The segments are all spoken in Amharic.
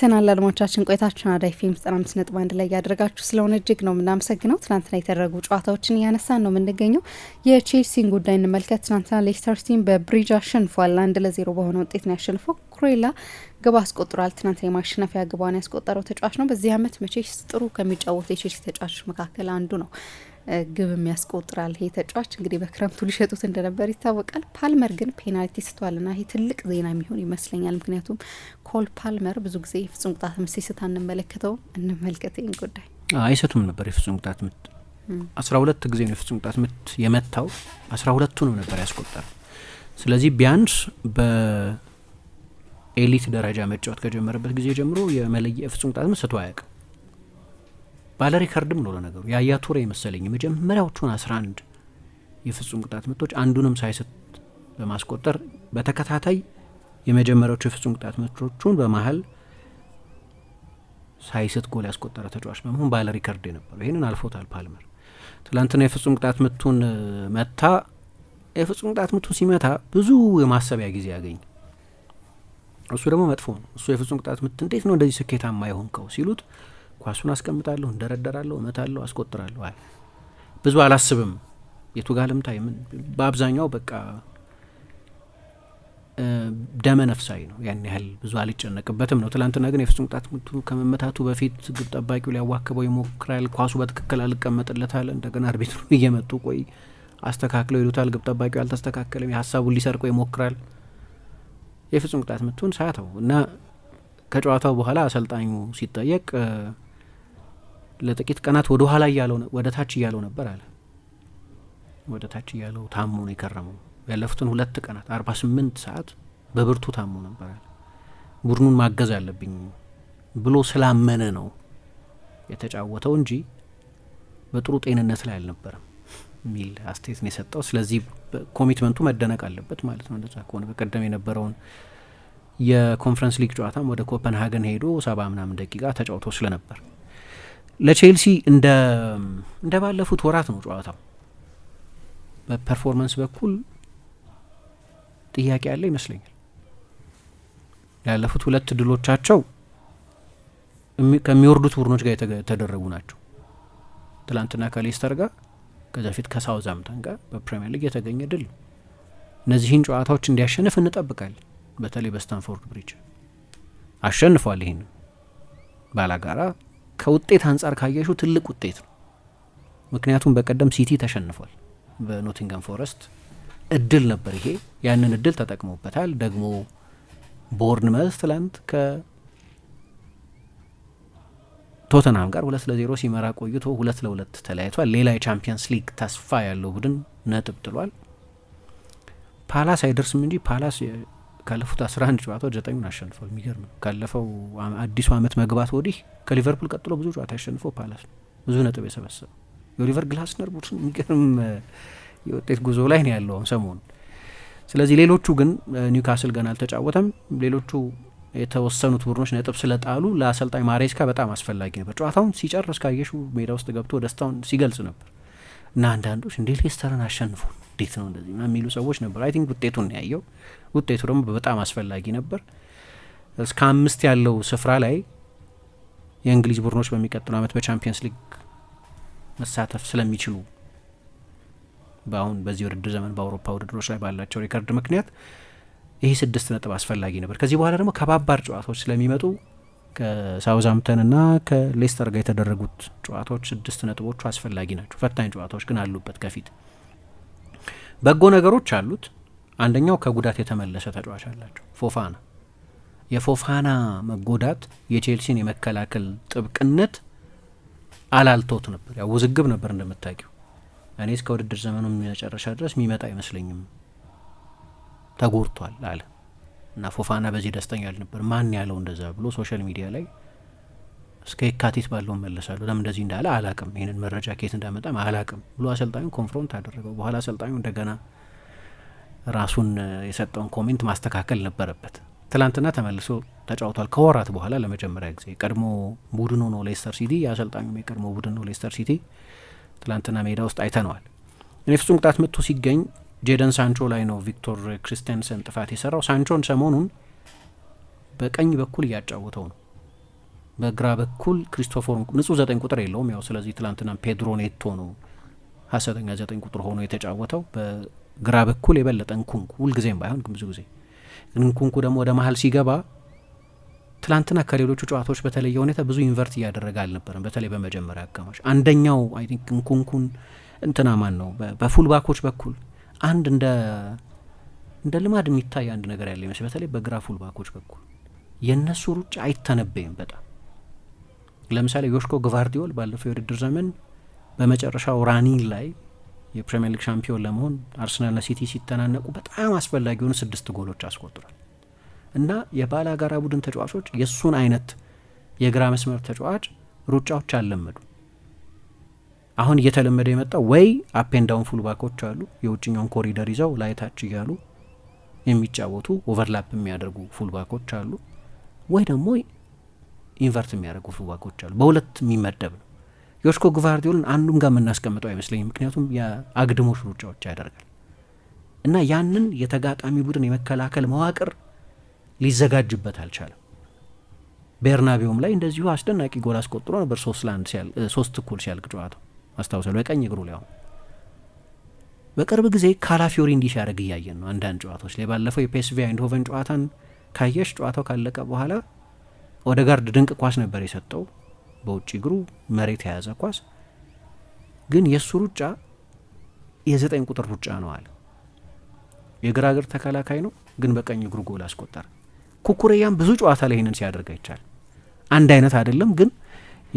ተመልሰናል አድማቻችን ቆይታችን አራዳ ኤፍ ኤም ዘጠና አምስት ነጥብ አንድ ላይ ያደረጋችሁ ስለሆነ እጅግ ነው የምናመሰግነው። ትናንትና የተደረጉ ጨዋታዎችን እያነሳን ነው የምንገኘው። የቼልሲን ጉዳይ እንመልከት። ትናንትና ሌስተር ሲቲን በብሪጅ አሸንፏል። አንድ ለዜሮ በሆነ ውጤት ነው ያሸንፈው። ኩሬላ ግብ አስቆጥሯል። ትናንት የማሸነፊያ ግቧን ያስቆጠረው ተጫዋች ነው። በዚህ አመት መቼስ ጥሩ ከሚጫወቱ የቼልሲ ተጫዋቾች መካከል አንዱ ነው። ግብም ያስቆጥራል። ይሄ ተጫዋች እንግዲህ በክረምቱ ሊሸጡት እንደነበር ይታወቃል። ፓልመር ግን ፔናልቲ ስቷልና ይሄ ትልቅ ዜና የሚሆን ይመስለኛል። ምክንያቱም ኮል ፓልመር ብዙ ጊዜ የፍጹም ቅጣት ምት ሲስት አንመለከተውም። እንመልከት ይህን ጉዳይ። አይሰቱም ነበር የፍጹም ቅጣት ምት አስራ ሁለት ጊዜ ነው የፍጹም ቅጣት ምት የመታው፣ አስራ ሁለቱ ነው ነበር ያስቆጠረው። ስለዚህ ቢያንስ በኤሊት ደረጃ መጫወት ከጀመረበት ጊዜ ጀምሮ የመለየ ፍጹም ቅጣት ምት ስቶ አያውቅም። ባለ ሪከርድም ነው ለነገሩ። ያያ ቱሬ መሰለኝ የመጀመሪያዎቹን 11 የፍጹም ቅጣት ምቶች አንዱንም ሳይስት በማስቆጠር በተከታታይ የመጀመሪያዎቹ የፍጹም ቅጣት ምቶቹን በመሀል ሳይስት ጎል ያስቆጠረ ተጫዋች በመሆን ባለ ሪከርድ የነበረው ይህንን አልፎታል ፓልመር። ትላንትና የፍጹም ቅጣት ምቱን መታ። የፍጹም ቅጣት ምቱን ሲመታ ብዙ የማሰቢያ ጊዜ ያገኝ እሱ ደግሞ መጥፎ ነው። እሱ የፍጹም ቅጣት ምት እንዴት ነው እንደዚህ ስኬታማ የሆንከው ሲሉት ኳሱን አስቀምጣለሁ፣ እንደረደራለሁ፣ እመታለሁ፣ አስቆጥራለሁ። አይ ብዙ አላስብም። የቱ ልምታ የምን በአብዛኛው በቃ ደመ ነፍሳዊ ነው። ያን ያህል ብዙ አልጨነቅበትም ነው። ትላንትና ግን የፍጹም ቅጣት ምቱ ከመመታቱ በፊት ግብ ጠባቂው ሊያዋክበው ይሞክራል። ኳሱ በትክክል አልቀመጥለታል። እንደገና አርቢትሩ እየመጡ ቆይ አስተካክለው ይሉታል። ግብ ጠባቂው አልተስተካከልም። የሀሳቡን ሊሰርቀው ይሞክራል። የፍጹም ቅጣት ምቱን ሳተው እና ከጨዋታው በኋላ አሰልጣኙ ሲጠየቅ ለጥቂት ቀናት ወደ ኋላ እያለው ወደ ታች እያለው ነበር አለ። ወደ ታች እያለው ታሞ ነው የከረመው። ያለፉትን ሁለት ቀናት አርባ ስምንት ሰዓት በብርቱ ታሞ ነበር አለ። ቡድኑን ማገዝ አለብኝ ብሎ ስላመነ ነው የተጫወተው እንጂ በጥሩ ጤንነት ላይ አልነበረም የሚል አስተያየት ነው የሰጠው። ስለዚህ ኮሚትመንቱ መደነቅ አለበት ማለት ነው። እንደዛ ከሆነ በቀደም የነበረውን የኮንፈረንስ ሊግ ጨዋታም ወደ ኮፐንሃገን ሄዶ ሰባ ምናምን ደቂቃ ተጫውቶ ስለነበር ለቼልሲ እንደ እንደ ባለፉት ወራት ነው ጨዋታው። በፐርፎርማንስ በኩል ጥያቄ ያለ ይመስለኛል። ያለፉት ሁለት ድሎቻቸው ከሚወርዱት ቡድኖች ጋር የተደረጉ ናቸው። ትላንትና ከሌስተር ጋር፣ ከዚ በፊት ከሳውዛምተን ጋር በፕሪሚየር ሊግ የተገኘ ድል ነው። እነዚህን ጨዋታዎች እንዲያሸንፍ እንጠብቃለን። በተለይ በስታንፎርድ ብሪጅ አሸንፏል። ይህን ባላጋራ ከውጤት አንጻር ካየሹ ትልቅ ውጤት ነው። ምክንያቱም በቀደም ሲቲ ተሸንፏል በኖቲንገም ፎረስት እድል ነበር ይሄ። ያንን እድል ተጠቅሞበታል። ደግሞ ቦርንመዝ ትላንት ከቶተንሃም ጋር ሁለት ለዜሮ ሲመራ ቆይቶ ሁለት ለሁለት ተለያይቷል። ሌላ የቻምፒየንስ ሊግ ተስፋ ያለው ቡድን ነጥብ ጥሏል። ፓላስ አይደርስም እንጂ ፓላስ ካለፉት 11 ጨዋታዎች ዘጠኙን አሸንፏል። የሚገርም ነው። ካለፈው አዲሱ አመት መግባት ወዲህ ከሊቨርፑል ቀጥሎ ብዙ ጨዋታ ያሸንፈው ፓላስ ነው። ብዙ ነጥብ የሰበሰበ የኦሊቨር ግላስነር ቡድን የሚገርም የውጤት ጉዞ ላይ ነው ያለውም ሰሞኑ። ስለዚህ ሌሎቹ ግን ኒውካስል ገና አልተጫወተም። ሌሎቹ የተወሰኑት ቡድኖች ነጥብ ስለጣሉ ለአሰልጣኝ ማሬስካ በጣም አስፈላጊ ነበር። ጨዋታውን ሲጨርስ ካየሹ ሜዳ ውስጥ ገብቶ ደስታውን ሲገልጽ ነበር እና አንዳንዶች እንዴ ሌስተርን አሸንፉን እንዴት ነው እንደዚህ የሚሉ ሰዎች ነበሩ። አይ ቲንክ ውጤቱን ያየው። ውጤቱ ደግሞ በጣም አስፈላጊ ነበር። እስከ አምስት ያለው ስፍራ ላይ የእንግሊዝ ቡድኖች በሚቀጥሉ አመት በቻምፒየንስ ሊግ መሳተፍ ስለሚችሉ በአሁን በዚህ ውድድር ዘመን በአውሮፓ ውድድሮች ላይ ባላቸው ሪከርድ ምክንያት ይህ ስድስት ነጥብ አስፈላጊ ነበር። ከዚህ በኋላ ደግሞ ከባባር ጨዋታዎች ስለሚመጡ ከሳውዛምተን እና ከሌስተር ጋር የተደረጉት ጨዋታዎች ስድስት ነጥቦቹ አስፈላጊ ናቸው። ፈታኝ ጨዋታዎች ግን አሉበት ከፊት በጎ ነገሮች አሉት። አንደኛው ከጉዳት የተመለሰ ተጫዋች አላቸው። ፎፋና የፎፋና መጎዳት የቼልሲን የመከላከል ጥብቅነት አላልቶት ነበር። ያው ውዝግብ ነበር እንደምታውቂው። እኔ እስከ ውድድር ዘመኑ መጨረሻ ድረስ የሚመጣ አይመስለኝም ተጎድቷል አለ እና ፎፋና በዚህ ደስተኛ አልነበር። ማን ያለው እንደዛ ብሎ ሶሻል ሚዲያ ላይ እስከ የካቲት ባለው መለሳሉ ለምን እንደዚህ እንዳለ አላቅም፣ ይህንን መረጃ ኬት እንዳመጣም አላቅም ብሎ አሰልጣኙ ኮንፍሮንት አደረገው። በኋላ አሰልጣኙ እንደገና ራሱን የሰጠውን ኮሜንት ማስተካከል ነበረበት። ትላንትና ተመልሶ ተጫውቷል ከወራት በኋላ ለመጀመሪያ ጊዜ። ቀድሞ ቡድኑ ነው ሌስተር ሲቲ፣ የአሰልጣኙም የቀድሞ ቡድን ነው ሌስተር ሲቲ። ትላንትና ሜዳ ውስጥ አይተነዋል። እኔ ፍጹም ቅጣት ምቱ ሲገኝ ጄደን ሳንቾ ላይ ነው ቪክቶር ክርስቲያንሰን ጥፋት የሰራው። ሳንቾን ሰሞኑን በቀኝ በኩል እያጫወተው ነው በግራ በኩል ክሪስቶፈር ንጹህ ዘጠኝ ቁጥር የለውም። ያው ስለዚህ ትላንትና ፔድሮ ኔቶ ነው ሀሰተኛ ዘጠኝ ቁጥር ሆኖ የተጫወተው። በግራ በኩል የበለጠ እንኩንኩ ሁልጊዜም ባይሆን ግን ብዙ ጊዜ እንኩንኩ ደግሞ ወደ መሀል ሲገባ ትላንትና ከሌሎቹ ጨዋታዎች በተለየ ሁኔታ ብዙ ኢንቨርት እያደረገ አልነበረም። በተለይ በመጀመሪያ አጋማሽ አንደኛው አይ ቲንክ እንኩንኩን እንትና ማን ነው በፉልባኮች በኩል አንድ እንደ እንደ ልማድ የሚታይ አንድ ነገር ያለ ይመስል በተለይ በግራ ፉልባኮች በኩል የእነሱ ሩጫ አይተነበይም በጣም ለምሳሌ ዮሽኮ ግቫርዲዮል ባለፈው የውድድር ዘመን በመጨረሻው ራኒን ላይ የፕሪምየር ሊግ ሻምፒዮን ለመሆን አርሰናልና ሲቲ ሲተናነቁ በጣም አስፈላጊ የሆኑ ስድስት ጎሎች አስቆጥሯል እና የባላ ጋራ ቡድን ተጫዋቾች የእሱን አይነት የግራ መስመር ተጫዋች ሩጫዎች አልለመዱ። አሁን እየተለመደ የመጣው ወይ አፔንዳውን ፉልባኮች አሉ፣ የውጭኛውን ኮሪደር ይዘው ላይታች እያሉ የሚጫወቱ ኦቨርላፕ የሚያደርጉ ፉልባኮች አሉ ወይ ደግሞ ኢንቨርት የሚያደርጉ ፍዋጎች አሉ። በሁለት የሚመደብ ነው። ዮሽኮ ግቫርዲዮልን አንዱም ጋር የምናስቀምጠው አይመስለኝ። ምክንያቱም የአግድሞሽ ሩጫዎች ያደርጋል እና ያንን የተጋጣሚ ቡድን የመከላከል መዋቅር ሊዘጋጅበት አልቻለም። ቤርናቢውም ላይ እንደዚሁ አስደናቂ ጎል አስቆጥሮ ነበር። ሶስት ለአንድ ሶስት እኩል ሲያልቅ ጨዋታው አስታውሳለሁ። በቀኝ እግሩ ላይ አሁን በቅርብ ጊዜ ካላፊዮሪ እንዲህ ሲያደርግ እያየን ነው። አንዳንድ ጨዋታዎች ላይ ባለፈው የፔስቪ አይንድሆቨን ጨዋታን ካየሽ ጨዋታው ካለቀ በኋላ ኦደጋርድ ድንቅ ኳስ ነበር የሰጠው በውጭ እግሩ መሬት የያዘ ኳስ። ግን የእሱ ሩጫ የዘጠኝ ቁጥር ሩጫ ነው አለ። የግራ እግር ተከላካይ ነው፣ ግን በቀኝ እግሩ ጎል አስቆጠረ። ኩኩሬያም ብዙ ጨዋታ ላይ ይህንን ሲያደርግ አይቻል። አንድ አይነት አይደለም ግን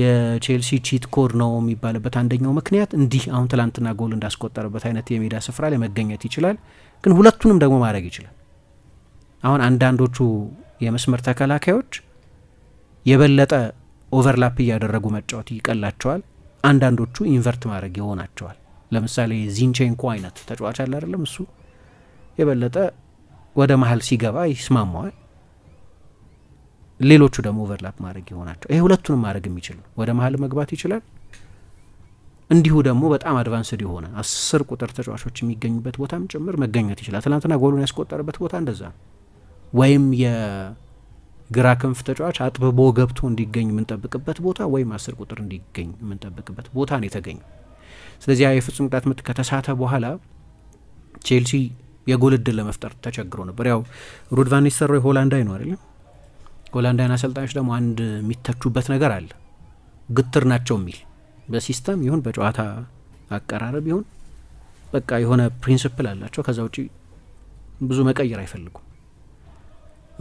የቼልሲ ቺት ኮድ ነው የሚባልበት አንደኛው ምክንያት እንዲህ አሁን ትላንትና ጎል እንዳስቆጠረበት አይነት የሜዳ ስፍራ ላይ መገኘት ይችላል። ግን ሁለቱንም ደግሞ ማድረግ ይችላል። አሁን አንዳንዶቹ የመስመር ተከላካዮች የበለጠ ኦቨርላፕ እያደረጉ መጫወት ይቀላቸዋል። አንዳንዶቹ ኢንቨርት ማድረግ ይሆናቸዋል። ለምሳሌ ዚንቼንኮ አይነት ተጫዋች አለ አይደለም? እሱ የበለጠ ወደ መሀል ሲገባ ይስማማዋል። ሌሎቹ ደግሞ ኦቨርላፕ ማድረግ ይሆናቸው። ይሄ ሁለቱንም ማድረግ የሚችል ወደ መሀል መግባት ይችላል። እንዲሁ ደግሞ በጣም አድቫንስድ የሆነ አስር ቁጥር ተጫዋቾች የሚገኙበት ቦታም ጭምር መገኘት ይችላል። ትናንትና ጎሉን ያስቆጠረበት ቦታ እንደዛ ነው ወይም ግራ ክንፍ ተጫዋች አጥብቦ ገብቶ እንዲገኝ የምንጠብቅበት ቦታ ወይም አስር ቁጥር እንዲገኝ የምንጠብቅበት ቦታ ነው የተገኘው። ስለዚህ የፍጹም ቅጣት ምት ከተሳተ በኋላ ቼልሲ የጎል እድል ለመፍጠር ተቸግሮ ነበር። ያው ሩድቫን ኒስተልሮይ ሆላንዳዊ ነው አይደለም። ሆላንዳዊን አሰልጣኞች ደግሞ አንድ የሚተቹበት ነገር አለ፣ ግትር ናቸው የሚል በሲስተም ይሁን በጨዋታ አቀራረብ ይሁን በቃ የሆነ ፕሪንስፕል አላቸው። ከዛ ውጪ ብዙ መቀየር አይፈልጉም።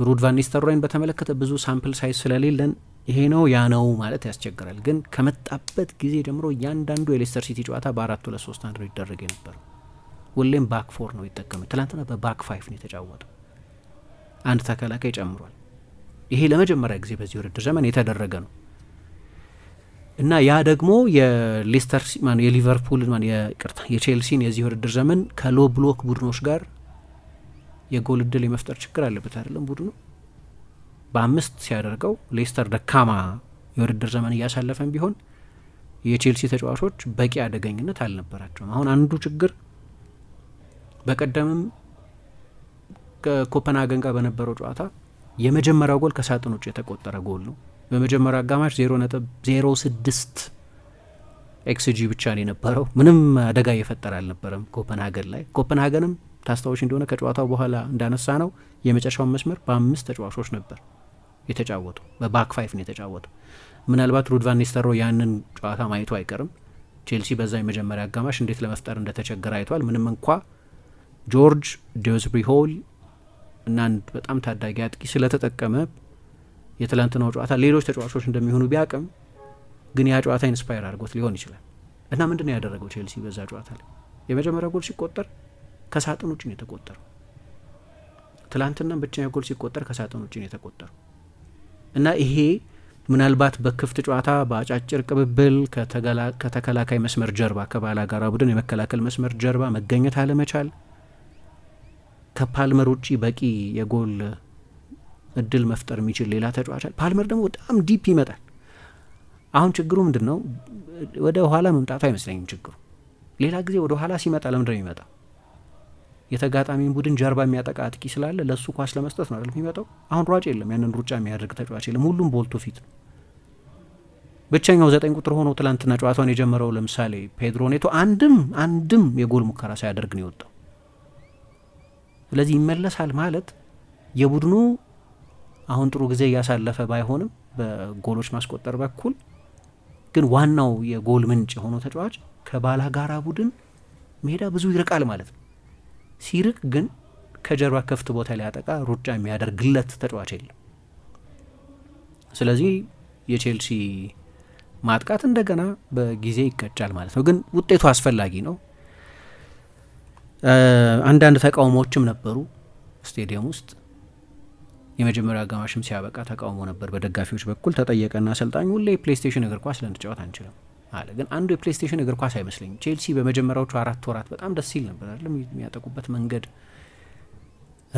ሩድ ቫን ኒስተልሮይን በተመለከተ ብዙ ሳምፕል ሳይዝ ስለሌለን ይሄ ነው ያ ነው ማለት ያስቸግራል። ግን ከመጣበት ጊዜ ጀምሮ እያንዳንዱ የሌስተር ሲቲ ጨዋታ በአራት ሁለት ሶስት አንድ ነው ይደረግ የነበረው። ሁሌም ባክ ፎር ነው ይጠቀሙ። ትላንትና በባክ ፋይፍ ነው የተጫወተው፣ አንድ ተከላካይ ጨምሯል። ይሄ ለመጀመሪያ ጊዜ በዚህ ውድድር ዘመን የተደረገ ነው እና ያ ደግሞ የሌስተር የሊቨርፑል የቅርታ የቼልሲን የዚህ ውድድር ዘመን ከሎ ብሎክ ቡድኖች ጋር የጎል እድል የመፍጠር ችግር አለበት አይደለም ቡድኑ በአምስት ሲያደርገው ሌስተር ደካማ የውድድር ዘመን እያሳለፈን ቢሆን የቼልሲ ተጫዋቾች በቂ አደገኝነት አልነበራቸውም። አሁን አንዱ ችግር በቀደምም ከኮፐንሀገን ጋር በነበረው ጨዋታ የመጀመሪያው ጎል ከሳጥን ውጭ የተቆጠረ ጎል ነው። በመጀመሪያው አጋማሽ ዜሮ ነጥብ ዜሮ ስድስት ኤክስጂ ብቻ ነው የነበረው። ምንም አደጋ እየፈጠረ አልነበረም ኮፐንሀገን ላይ ኮፐንሀገንም ታስታዎች እንደሆነ ከጨዋታው በኋላ እንዳነሳ ነው የመጨረሻውን መስመር በአምስት ተጫዋቾች ነበር የተጫወቱ በባክ ፋይፍ ነው የተጫወቱ። ምናልባት ሩድቫን ኒስተሮ ያንን ጨዋታ ማየቱ አይቀርም። ቼልሲ በዛ የመጀመሪያ አጋማሽ እንዴት ለመፍጠር እንደተቸገረ አይቷል። ምንም እንኳ ጆርጅ ዴዝብሪ ሆል እና አንድ በጣም ታዳጊ አጥቂ ስለተጠቀመ የትላንትናው ጨዋታ ሌሎች ተጫዋቾች እንደሚሆኑ ቢያቅም ግን ያ ጨዋታ ኢንስፓየር አድርጎት ሊሆን ይችላል እና ምንድን ነው ያደረገው ቼልሲ በዛ ጨዋታ ላይ የመጀመሪያ ጎል ሲቆጠር ከሳጥን ውጭ ነው የተቆጠረው። ትላንትናም ብቸኛ ጎል ሲቆጠር ከሳጥን ውጭ ነው የተቆጠረው እና ይሄ ምናልባት በክፍት ጨዋታ በአጫጭር ቅብብል ከተከላካይ መስመር ጀርባ ከባላጋራ ቡድን የመከላከል መስመር ጀርባ መገኘት አለመቻል ከፓልመር ውጪ በቂ የጎል እድል መፍጠር የሚችል ሌላ ተጫዋች ፓልመር ደግሞ በጣም ዲፕ ይመጣል። አሁን ችግሩ ምንድን ነው? ወደ ኋላ መምጣቱ አይመስለኝም ችግሩ። ሌላ ጊዜ ወደ ኋላ ሲመጣ ለምንድን ነው የሚመጣው? የተጋጣሚን ቡድን ጀርባ የሚያጠቃ አጥቂ ስላለ ለእሱ ኳስ ለመስጠት ነው አይደል የሚመጣው። አሁን ሯጭ የለም፣ ያንን ሩጫ የሚያደርግ ተጫዋች የለም። ሁሉም ቦልቶ ፊት ነው። ብቸኛው ዘጠኝ ቁጥር ሆኖ ትላንትና ጨዋታውን የጀመረው ለምሳሌ ፔድሮ ኔቶ አንድም አንድም የጎል ሙከራ ሳያደርግ ነው የወጣው። ስለዚህ ይመለሳል ማለት የቡድኑ አሁን ጥሩ ጊዜ እያሳለፈ ባይሆንም በጎሎች ማስቆጠር በኩል ግን ዋናው የጎል ምንጭ የሆነው ተጫዋች ከባላጋራ ቡድን ሜዳ ብዙ ይርቃል ማለት ነው። ሲርቅ ግን ከጀርባ ክፍት ቦታ ሊያጠቃ ሩጫ የሚያደርግለት ተጫዋች የለም። ስለዚህ የቼልሲ ማጥቃት እንደገና በጊዜ ይቀጫል ማለት ነው። ግን ውጤቱ አስፈላጊ ነው። አንዳንድ ተቃውሞዎችም ነበሩ ስቴዲየም ውስጥ። የመጀመሪያ አጋማሽም ሲያበቃ ተቃውሞ ነበር በደጋፊዎች በኩል ተጠየቀና አሰልጣኝ ሁሌ ፕሌይስቴሽን እግር ኳስ ልንጫወት አንችልም አለ። ግን አንዱ የፕሌስቴሽን እግር ኳስ አይመስለኝም። ቼልሲ በመጀመሪያዎቹ አራት ወራት በጣም ደስ ይል ነበር አይደለም? የሚያጠቁበት መንገድ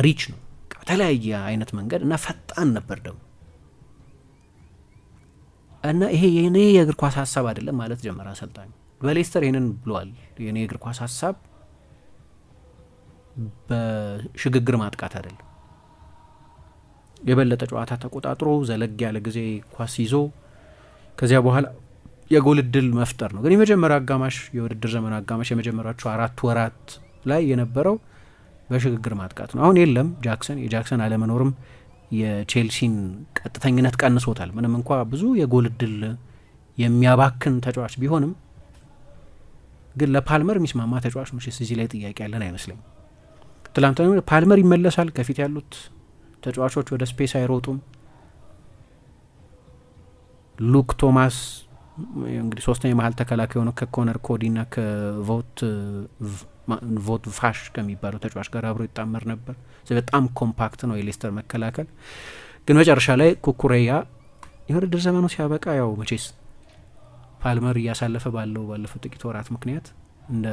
ሪች ነው፣ በተለያየ አይነት መንገድ እና ፈጣን ነበር ደግሞ እና ይሄ የኔ የእግር ኳስ ሀሳብ አይደለም ማለት ጀመረ አሰልጣኝ። በሌስተር ይህንን ብሏል። የኔ የእግር ኳስ ሀሳብ በሽግግር ማጥቃት አይደለም፣ የበለጠ ጨዋታ ተቆጣጥሮ ዘለግ ያለ ጊዜ ኳስ ይዞ ከዚያ በኋላ የጎል እድል መፍጠር ነው። ግን የመጀመሪያ አጋማሽ የውድድር ዘመን አጋማሽ የመጀመሪያቸው አራት ወራት ላይ የነበረው በሽግግር ማጥቃት ነው። አሁን የለም ጃክሰን። የጃክሰን አለመኖርም የቼልሲን ቀጥተኝነት ቀንሶታል። ምንም እንኳ ብዙ የጎል እድል የሚያባክን ተጫዋች ቢሆንም ግን ለፓልመር የሚስማማ ተጫዋች ነው። እዚህ ላይ ጥያቄ ያለን አይመስለኝም። ትላንት ፓልመር ይመለሳል። ከፊት ያሉት ተጫዋቾች ወደ ስፔስ አይሮጡም። ሉክ ቶማስ እንግዲህ ሶስተኛ መሀል ተከላካይ የሆነው ከኮነር ኮዲ ና ከቮት ቮት ቫሽ ከሚባለው ተጫዋች ጋር አብሮ ይጣመር ነበር። በጣም ኮምፓክት ነው የሌስተር መከላከል። ግን መጨረሻ ላይ ኩኩሬያ የውድድር ዘመኑ ሲያበቃ ያው መቼስ ፓልመር እያሳለፈ ባለው ባለፈው ጥቂት ወራት ምክንያት እንደ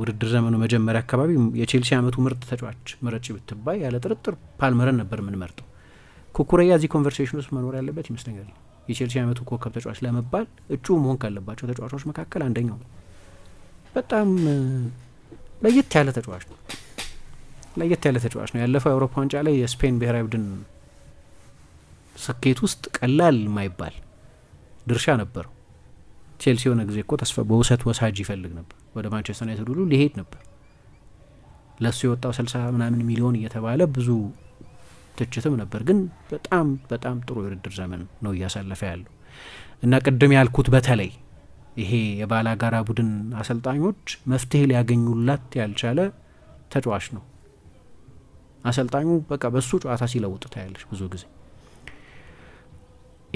ውድድር ዘመኑ መጀመሪያ አካባቢ የቼልሲ አመቱ ምርጥ ተጫዋች ምረጭ ብትባይ ያለ ጥርጥር ፓልመርን ነበር የምንመርጠው። ኩኩሬያ እዚህ ኮንቨርሴሽን ውስጥ መኖር ያለበት ይመስለኛል። የቼልሲ አመቱ ኮከብ ተጫዋች ለመባል እጩ መሆን ካለባቸው ተጫዋቾች መካከል አንደኛው ነው። በጣም ለየት ያለ ተጫዋች ነው። ለየት ያለ ተጫዋች ነው። ያለፈው የአውሮፓ ዋንጫ ላይ የስፔን ብሔራዊ ቡድን ስኬት ውስጥ ቀላል የማይባል ድርሻ ነበረው። ቼልሲ የሆነ ጊዜ እኮ ተስፋ በውሰት ወሳጅ ይፈልግ ነበር። ወደ ማንቸስተር ዩናይትድ ሁሉ ሊሄድ ነበር። ለእሱ የወጣው ስልሳ ምናምን ሚሊዮን እየተባለ ብዙ ትችትም ነበር። ግን በጣም በጣም ጥሩ የውድድር ዘመን ነው እያሳለፈ ያለው እና ቅድም ያልኩት በተለይ ይሄ የባላጋራ ቡድን አሰልጣኞች መፍትሄ ሊያገኙላት ያልቻለ ተጫዋች ነው። አሰልጣኙ በቃ በሱ ጨዋታ ሲለውጥ ታያለች ብዙ ጊዜ።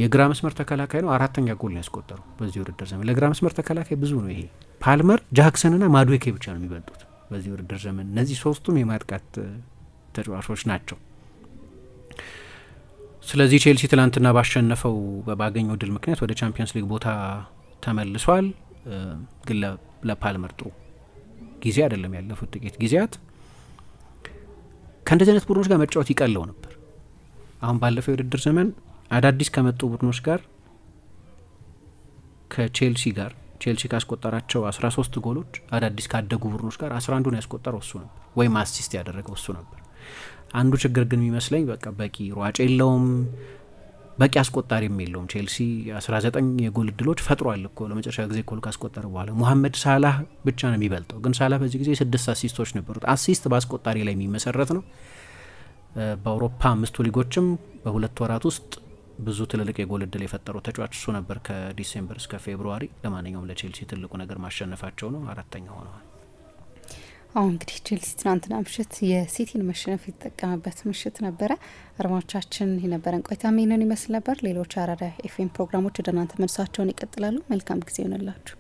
የግራ መስመር ተከላካይ ነው። አራተኛ ጎል ነው ያስቆጠረው በዚህ ውድድር ዘመን። ለግራ መስመር ተከላካይ ብዙ ነው ይሄ። ፓልመር፣ ጃክሰንና ማዱዌኬ ብቻ ነው የሚበልጡት በዚህ ውድድር ዘመን። እነዚህ ሶስቱም የማጥቃት ተጫዋቾች ናቸው። ስለዚህ ቼልሲ ትላንትና ባሸነፈው ባገኘው ድል ምክንያት ወደ ቻምፒየንስ ሊግ ቦታ ተመልሷል። ግን ለፓልመር ጥሩ ጊዜ አይደለም ያለፉት ጥቂት ጊዜያት። ከእንደዚህ አይነት ቡድኖች ጋር መጫወት ይቀለው ነበር። አሁን ባለፈው የውድድር ዘመን አዳዲስ ከመጡ ቡድኖች ጋር ከቼልሲ ጋር ቼልሲ ካስቆጠራቸው 13 ጎሎች አዳዲስ ካደጉ ቡድኖች ጋር 11ዱን ያስቆጠረው እሱ ነበር፣ ወይም አሲስት ያደረገው እሱ ነበር። አንዱ ችግር ግን የሚመስለኝ በቃ በቂ ሯጭ የለውም፣ በቂ አስቆጣሪ የለውም። ቼልሲ 19 የጎል እድሎች ፈጥሯል እኮ ለመጨረሻ ጊዜ ጎል ካስቆጠረ በኋላ ሙሐመድ ሳላህ ብቻ ነው የሚበልጠው። ግን ሳላህ በዚህ ጊዜ ስድስት አሲስቶች ነበሩት። አሲስት በአስቆጣሪ ላይ የሚመሰረት ነው። በአውሮፓ አምስቱ ሊጎችም በሁለት ወራት ውስጥ ብዙ ትልልቅ የጎል እድል የፈጠረው ተጫዋች እሱ ነበር፣ ከዲሴምበር እስከ ፌብሩዋሪ። ለማንኛውም ለቼልሲ ትልቁ ነገር ማሸነፋቸው ነው። አራተኛ ሆነዋል። አሁን እንግዲህ ቼልሲ ትናንትና ምሽት የሲቲን መሸነፍ የተጠቀመበት ምሽት ነበረ። እርማዎቻችን የነበረን ቆይታ ይህንን ይመስል ነበር። ሌሎች አራዳ ኤፍኤም ፕሮግራሞች ወደ እናንተ መልሳቸውን ይቀጥላሉ። መልካም ጊዜ ይሆንላችሁ።